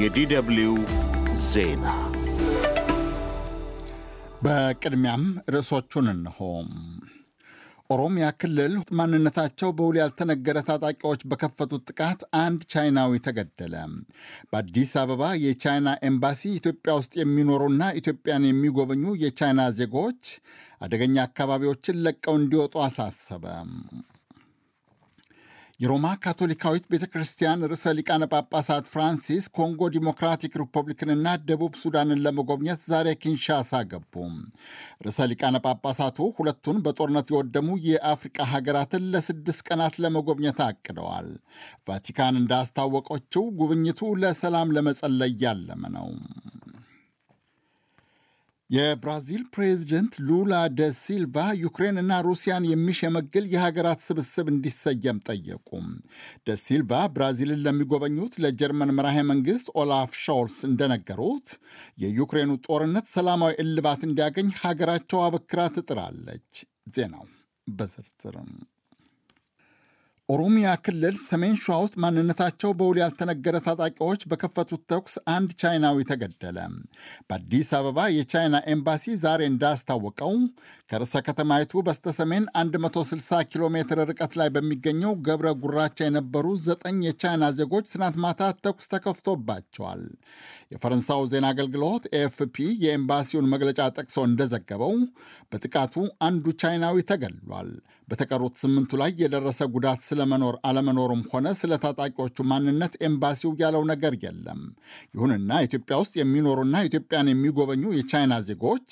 የዲደብሊው ዜና በቅድሚያም ርዕሶቹን እንሆ። ኦሮሚያ ክልል ማንነታቸው በውል ያልተነገረ ታጣቂዎች በከፈቱት ጥቃት አንድ ቻይናዊ ተገደለ። በአዲስ አበባ የቻይና ኤምባሲ ኢትዮጵያ ውስጥ የሚኖሩና ኢትዮጵያን የሚጎበኙ የቻይና ዜጎች አደገኛ አካባቢዎችን ለቀው እንዲወጡ አሳሰበ። የሮማ ካቶሊካዊት ቤተ ክርስቲያን ርዕሰ ሊቃነ ጳጳሳት ፍራንሲስ ኮንጎ ዲሞክራቲክ ሪፐብሊክንና ደቡብ ሱዳንን ለመጎብኘት ዛሬ ኪንሻሳ ገቡ። ርዕሰ ሊቃነ ጳጳሳቱ ሁለቱን በጦርነት የወደሙ የአፍሪቃ ሀገራትን ለስድስት ቀናት ለመጎብኘት አቅደዋል። ቫቲካን እንዳስታወቀችው ጉብኝቱ ለሰላም ለመጸለይ ያለመ ነው። የብራዚል ፕሬዝደንት ሉላ ደ ሲልቫ ዩክሬንና ሩሲያን የሚሸመግል የሀገራት ስብስብ እንዲሰየም ጠየቁ። ደ ሲልቫ ብራዚልን ለሚጎበኙት ለጀርመን መራሄ መንግስት ኦላፍ ሾልስ እንደነገሩት የዩክሬኑ ጦርነት ሰላማዊ እልባት እንዲያገኝ ሀገራቸው አበክራ ትጥራለች። ዜናው በዝርዝርም ኦሮሚያ ክልል ሰሜን ሸዋ ውስጥ ማንነታቸው በውል ያልተነገረ ታጣቂዎች በከፈቱት ተኩስ አንድ ቻይናዊ ተገደለ። በአዲስ አበባ የቻይና ኤምባሲ ዛሬ እንዳስታወቀው ከርዕሰ ከተማይቱ በስተሰሜን 160 ኪሎ ሜትር ርቀት ላይ በሚገኘው ገብረ ጉራቻ የነበሩ ዘጠኝ የቻይና ዜጎች ትናንት ማታ ተኩስ ተከፍቶባቸዋል። የፈረንሳው ዜና አገልግሎት ኤኤፍፒ የኤምባሲውን መግለጫ ጠቅሶ እንደዘገበው በጥቃቱ አንዱ ቻይናዊ ተገሏል። በተቀሩት ስምንቱ ላይ የደረሰ ጉዳት ስለመኖር አለመኖሩም ሆነ ስለ ታጣቂዎቹ ማንነት ኤምባሲው ያለው ነገር የለም። ይሁንና ኢትዮጵያ ውስጥ የሚኖሩና ኢትዮጵያን የሚጎበኙ የቻይና ዜጎች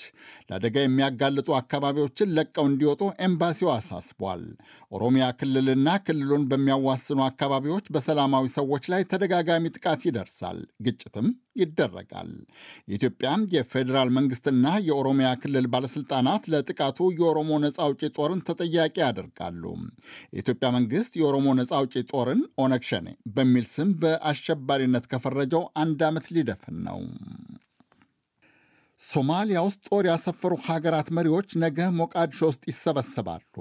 ለአደጋ የሚያጋልጡ አካባቢዎችን ለቀው እንዲወጡ ኤምባሲው አሳስቧል። ኦሮሚያ ክልልና ክልሉን በሚያዋስኑ አካባቢዎች በሰላማዊ ሰዎች ላይ ተደጋጋሚ ጥቃት ይደርሳል፣ ግጭትም ይደረጋል። የኢትዮጵያ የፌዴራል መንግስትና የኦሮሚያ ክልል ባለስልጣናት ለጥቃቱ የኦሮሞ ነጻ አውጪ ጦርን ተጠያቂ ያደርጋሉ። የኢትዮጵያ መንግስት የኦሮሞ ነጻ አውጪ ጦርን ኦነግ ሸኔ በሚል ስም በአሸባሪነት ከፈረጀው አንድ ዓመት ሊደፍን ነው። ሶማሊያ ውስጥ ጦር ያሰፈሩ ሀገራት መሪዎች ነገ ሞቃዲሾ ውስጥ ይሰበሰባሉ።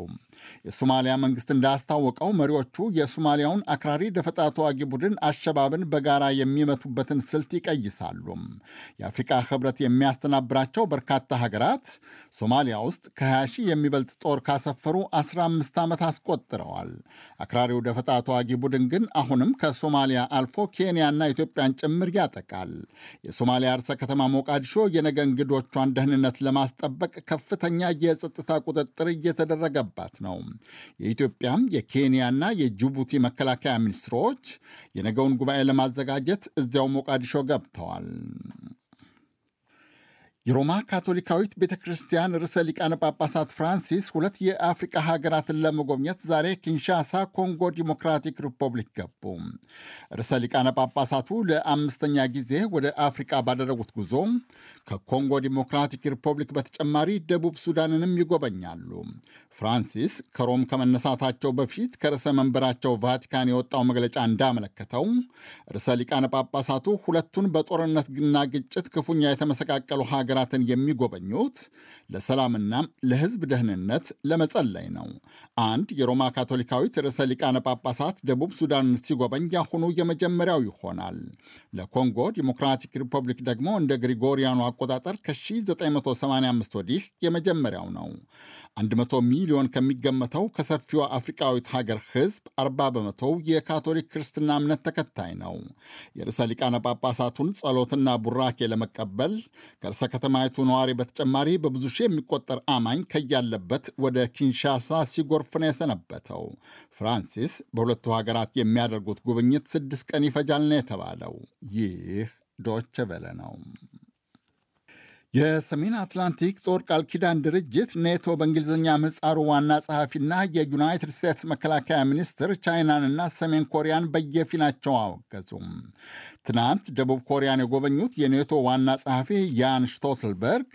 የሶማሊያ መንግስት እንዳስታወቀው መሪዎቹ የሶማሊያውን አክራሪ ደፈጣ ተዋጊ ቡድን አሸባብን በጋራ የሚመቱበትን ስልት ይቀይሳሉ። የአፍሪቃ ህብረት የሚያስተናብራቸው በርካታ ሀገራት ሶማሊያ ውስጥ ከ20 ሺህ የሚበልጥ ጦር ካሰፈሩ 15 ዓመት አስቆጥረዋል። አክራሪው ደፈጣ ተዋጊ ቡድን ግን አሁንም ከሶማሊያ አልፎ ኬንያና ኢትዮጵያን ጭምር ያጠቃል። የሶማሊያ ርዕሰ ከተማ ሞቃዲሾ የነገ እንግዶቿን ደህንነት ለማስጠበቅ ከፍተኛ የጸጥታ ቁጥጥር እየተደረገባት ነው። ነው። የኢትዮጵያ የኬንያና የጅቡቲ መከላከያ ሚኒስትሮች የነገውን ጉባኤ ለማዘጋጀት እዚያው ሞቃዲሾ ገብተዋል። የሮማ ካቶሊካዊት ቤተ ክርስቲያን ርዕሰ ሊቃነ ጳጳሳት ፍራንሲስ ሁለት የአፍሪቃ ሀገራትን ለመጎብኘት ዛሬ ኪንሻሳ ኮንጎ ዲሞክራቲክ ሪፐብሊክ ገቡ። ርዕሰ ሊቃነ ጳጳሳቱ ለአምስተኛ ጊዜ ወደ አፍሪቃ ባደረጉት ጉዞ ከኮንጎ ዲሞክራቲክ ሪፐብሊክ በተጨማሪ ደቡብ ሱዳንንም ይጎበኛሉ። ፍራንሲስ ከሮም ከመነሳታቸው በፊት ከርዕሰ መንበራቸው ቫቲካን የወጣው መግለጫ እንዳመለከተው ርዕሰ ሊቃነ ጳጳሳቱ ሁለቱን በጦርነትና ግጭት ክፉኛ የተመሰቃቀሉ ሀገራት ሀገራትን የሚጎበኙት ለሰላምና ለሕዝብ ደህንነት ለመጸለይ ነው። አንድ የሮማ ካቶሊካዊት ርዕሰ ሊቃነ ጳጳሳት ደቡብ ሱዳን ሲጎበኝ ያሁኑ የመጀመሪያው ይሆናል። ለኮንጎ ዲሞክራቲክ ሪፐብሊክ ደግሞ እንደ ግሪጎሪያኑ አቆጣጠር ከ1985 ወዲህ የመጀመሪያው ነው። 100 ሚሊዮን ከሚገመተው ከሰፊው አፍሪካዊት ሀገር ህዝብ 40 በመቶው የካቶሊክ ክርስትና እምነት ተከታይ ነው። የርዕሰ ሊቃነ ጳጳሳቱን ጸሎትና ቡራኬ ለመቀበል ከርዕሰ ከተማይቱ ነዋሪ በተጨማሪ በብዙ ሺህ የሚቆጠር አማኝ ከያለበት ወደ ኪንሻሳ ሲጎርፍ ነው የሰነበተው። ፍራንሲስ በሁለቱ ሀገራት የሚያደርጉት ጉብኝት ስድስት ቀን ይፈጃል ነው የተባለው። ይህ ዶቸ ቬለ ነው። የሰሜን አትላንቲክ ጦር ቃል ኪዳን ድርጅት ኔቶ በእንግሊዝኛ ምህጻሩ ዋና ጸሐፊና የዩናይትድ ስቴትስ መከላከያ ሚኒስትር ቻይናንና ሰሜን ኮሪያን በየፊናቸው አወገዙ። ትናንት ደቡብ ኮሪያን የጎበኙት የኔቶ ዋና ጸሐፊ ያን ሽቶትልበርግ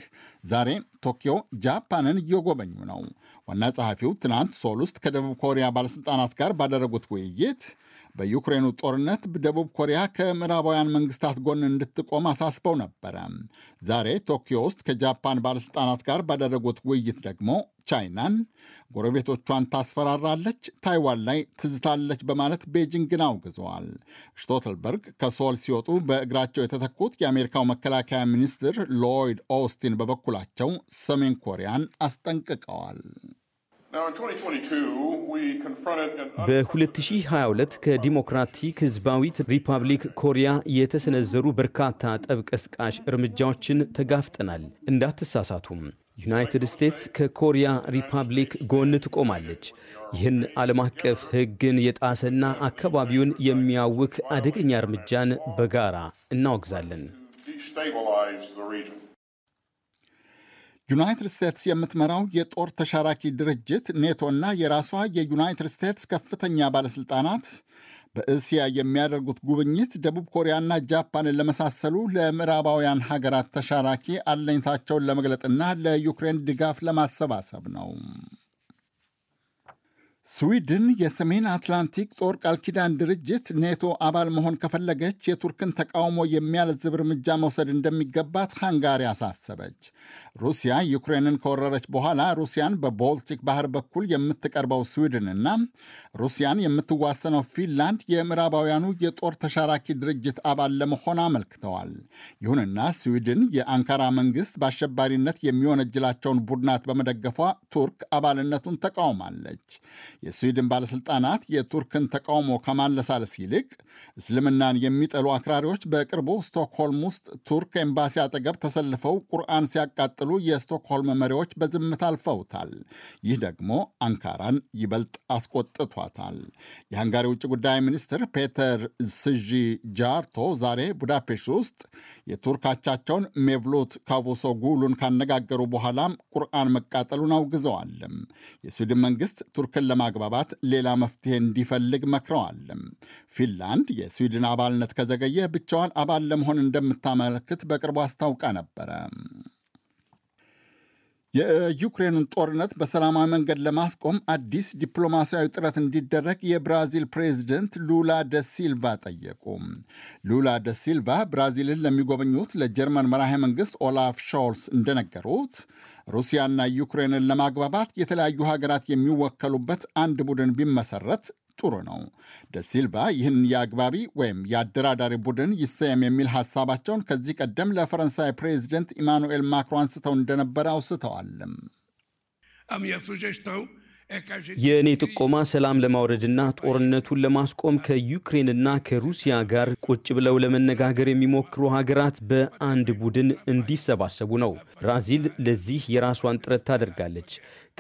ዛሬ ቶኪዮ ጃፓንን እየጎበኙ ነው። ዋና ጸሐፊው ትናንት ሶል ውስጥ ከደቡብ ኮሪያ ባለሥልጣናት ጋር ባደረጉት ውይይት በዩክሬኑ ጦርነት ደቡብ ኮሪያ ከምዕራባውያን መንግስታት ጎን እንድትቆም አሳስበው ነበረ። ዛሬ ቶኪዮ ውስጥ ከጃፓን ባለሥልጣናት ጋር ባደረጉት ውይይት ደግሞ ቻይናን ጎረቤቶቿን ታስፈራራለች፣ ታይዋን ላይ ትዝታለች በማለት ቤጂንግን አውግዘዋል። ሽቶትልበርግ ከሶል ሲወጡ በእግራቸው የተተኩት የአሜሪካው መከላከያ ሚኒስትር ሎይድ ኦስቲን በበኩላቸው ሰሜን ኮሪያን አስጠንቅቀዋል። በ2022 ከዲሞክራቲክ ህዝባዊት ሪፐብሊክ ኮሪያ የተሰነዘሩ በርካታ ጠብ ቀስቃሽ እርምጃዎችን ተጋፍጠናል። እንዳትሳሳቱም ዩናይትድ ስቴትስ ከኮሪያ ሪፐብሊክ ጎን ትቆማለች። ይህን ዓለም አቀፍ ሕግን የጣሰና አካባቢውን የሚያውክ አደገኛ እርምጃን በጋራ እናወግዛለን። ዩናይትድ ስቴትስ የምትመራው የጦር ተሻራኪ ድርጅት ኔቶና የራሷ የዩናይትድ ስቴትስ ከፍተኛ ባለሥልጣናት በእስያ የሚያደርጉት ጉብኝት ደቡብ ኮሪያና ጃፓንን ለመሳሰሉ ለምዕራባውያን ሀገራት ተሻራኪ አለኝታቸውን ለመግለጥና ለዩክሬን ድጋፍ ለማሰባሰብ ነው። ስዊድን የሰሜን አትላንቲክ ጦር ቃል ኪዳን ድርጅት ኔቶ አባል መሆን ከፈለገች የቱርክን ተቃውሞ የሚያለዝብ እርምጃ መውሰድ እንደሚገባት ሃንጋሪ አሳሰበች። ሩሲያ ዩክሬንን ከወረረች በኋላ ሩሲያን በቦልቲክ ባህር በኩል የምትቀርበው ስዊድንና ሩሲያን የምትዋሰነው ፊንላንድ የምዕራባውያኑ የጦር ተሻራኪ ድርጅት አባል ለመሆን አመልክተዋል። ይሁንና ስዊድን የአንካራ መንግስት በአሸባሪነት የሚወነጅላቸውን ቡድናት በመደገፏ ቱርክ አባልነቱን ተቃውማለች። የስዊድን ባለሥልጣናት የቱርክን ተቃውሞ ከማለሳለስ ይልቅ እስልምናን የሚጠሉ አክራሪዎች በቅርቡ ስቶክሆልም ውስጥ ቱርክ ኤምባሲ አጠገብ ተሰልፈው ቁርአን ሲያቃጥሉ የስቶክሆልም መሪዎች በዝምታ አልፈውታል። ይህ ደግሞ አንካራን ይበልጥ አስቆጥቷታል። የሃንጋሪ ውጭ ጉዳይ ሚኒስትር ፔተር ስዢ ጃርቶ ዛሬ ቡዳፔሽት ውስጥ የቱርክ አቻቸውን ሜቭሉት ጉሉን ካነጋገሩ በኋላም ቁርአን መቃጠሉን አውግዘዋል። የስዊድን መንግስት ቱርክን ለማ ለማግባባት ሌላ መፍትሄ እንዲፈልግ መክረዋል። ፊንላንድ የስዊድን አባልነት ከዘገየ ብቻዋን አባል ለመሆን እንደምታመለክት በቅርቡ አስታውቃ ነበረ። የዩክሬንን ጦርነት በሰላማዊ መንገድ ለማስቆም አዲስ ዲፕሎማሲያዊ ጥረት እንዲደረግ የብራዚል ፕሬዚደንት ሉላ ደ ሲልቫ ጠየቁ። ሉላ ደ ሲልቫ ብራዚልን ለሚጎበኙት ለጀርመን መራሄ መንግስት ኦላፍ ሾልስ እንደነገሩት ሩሲያና ዩክሬንን ለማግባባት የተለያዩ ሀገራት የሚወከሉበት አንድ ቡድን ቢመሰረት ጥሩ ነው። ደሲልቫ ይህን የአግባቢ ወይም የአደራዳሪ ቡድን ይሰየም የሚል ሀሳባቸውን ከዚህ ቀደም ለፈረንሳይ ፕሬዚደንት ኢማኑኤል ማክሮን አንስተው እንደነበረ አውስተዋል። የእኔ ጥቆማ ሰላም ለማውረድና ጦርነቱን ለማስቆም ከዩክሬንና ከሩሲያ ጋር ቁጭ ብለው ለመነጋገር የሚሞክሩ ሀገራት በአንድ ቡድን እንዲሰባሰቡ ነው። ብራዚል ለዚህ የራሷን ጥረት ታደርጋለች።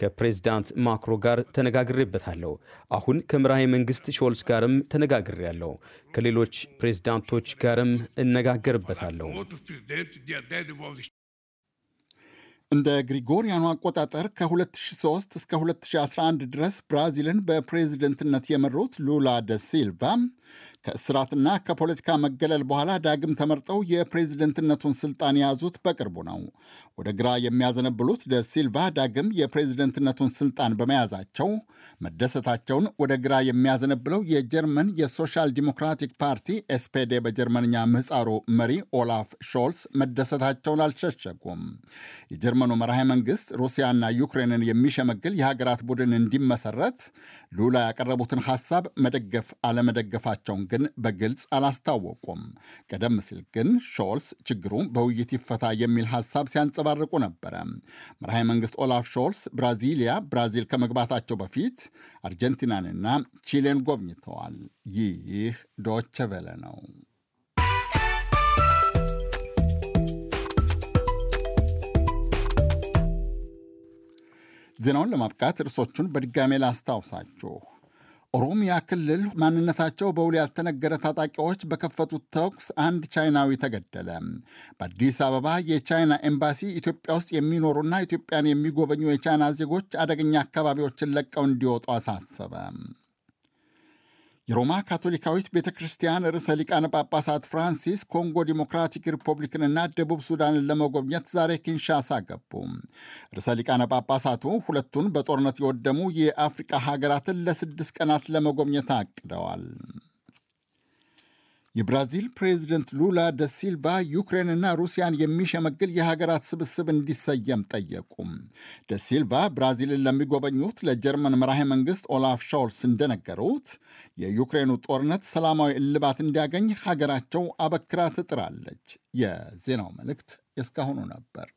ከፕሬዝዳንት ማክሮ ጋር ተነጋግሬበታለሁ። አሁን ከመራሄ መንግስት ሾልስ ጋርም ተነጋግሬያለሁ። ከሌሎች ፕሬዝዳንቶች ጋርም እነጋገርበታለሁ። እንደ ግሪጎሪያኑ አቆጣጠር ከ2003 እስከ 2011 ድረስ ብራዚልን በፕሬዚደንትነት የመሩት ሉላ ደ ሲልቫ ከእስራትና ከፖለቲካ መገለል በኋላ ዳግም ተመርጠው የፕሬዝደንትነቱን ስልጣን የያዙት በቅርቡ ነው። ወደ ግራ የሚያዘነብሉት ሲልቫ ዳግም የፕሬዝደንትነቱን ስልጣን በመያዛቸው መደሰታቸውን ወደ ግራ የሚያዘነብለው የጀርመን የሶሻል ዲሞክራቲክ ፓርቲ ኤስፔዴ በጀርመንኛ ምህፃሩ መሪ ኦላፍ ሾልስ መደሰታቸውን አልሸሸጉም። የጀርመኑ መርሃ መንግስት ሩሲያና ዩክሬንን የሚሸመግል የሀገራት ቡድን እንዲመሰረት ሉላ ያቀረቡትን ሀሳብ መደገፍ አለመደገፋቸውን ግን በግልጽ አላስታወቁም። ቀደም ሲል ግን ሾልስ ችግሩ በውይይት ይፈታ የሚል ሀሳብ ሲያንጸባርቁ ነበረ። መርሃዊ መንግስት ኦላፍ ሾልስ ብራዚሊያ ብራዚል ከመግባታቸው በፊት አርጀንቲናንና ቺሌን ጎብኝተዋል። ይህ ዶቸ ቬለ ነው። ዜናውን ለማብቃት ርዕሶቹን በድጋሜ ላስታውሳችሁ። ኦሮሚያ ክልል ማንነታቸው በውል ያልተነገረ ታጣቂዎች በከፈቱት ተኩስ አንድ ቻይናዊ ተገደለ። በአዲስ አበባ የቻይና ኤምባሲ ኢትዮጵያ ውስጥ የሚኖሩና ኢትዮጵያን የሚጎበኙ የቻይና ዜጎች አደገኛ አካባቢዎችን ለቀው እንዲወጡ አሳሰበ። የሮማ ካቶሊካዊት ቤተ ክርስቲያን ርዕሰ ሊቃነ ጳጳሳት ፍራንሲስ ኮንጎ ዲሞክራቲክ ሪፐብሊክንና ደቡብ ሱዳንን ለመጎብኘት ዛሬ ኪንሻሳ ገቡ። ርዕሰ ሊቃነ ጳጳሳቱ ሁለቱን በጦርነት የወደሙ የአፍሪቃ ሀገራትን ለስድስት ቀናት ለመጎብኘት አቅደዋል። የብራዚል ፕሬዚደንት ሉላ ደሲልቫ ዩክሬንና ሩሲያን የሚሸመግል የሀገራት ስብስብ እንዲሰየም ጠየቁ። ሲልቫ ብራዚልን ለሚጎበኙት ለጀርመን መራሄ መንግስት ኦላፍ ሾልስ እንደነገሩት የዩክሬኑ ጦርነት ሰላማዊ እልባት እንዲያገኝ ሀገራቸው አበክራ ትጥራለች። የዜናው መልእክት የእስካሁኑ ነበር።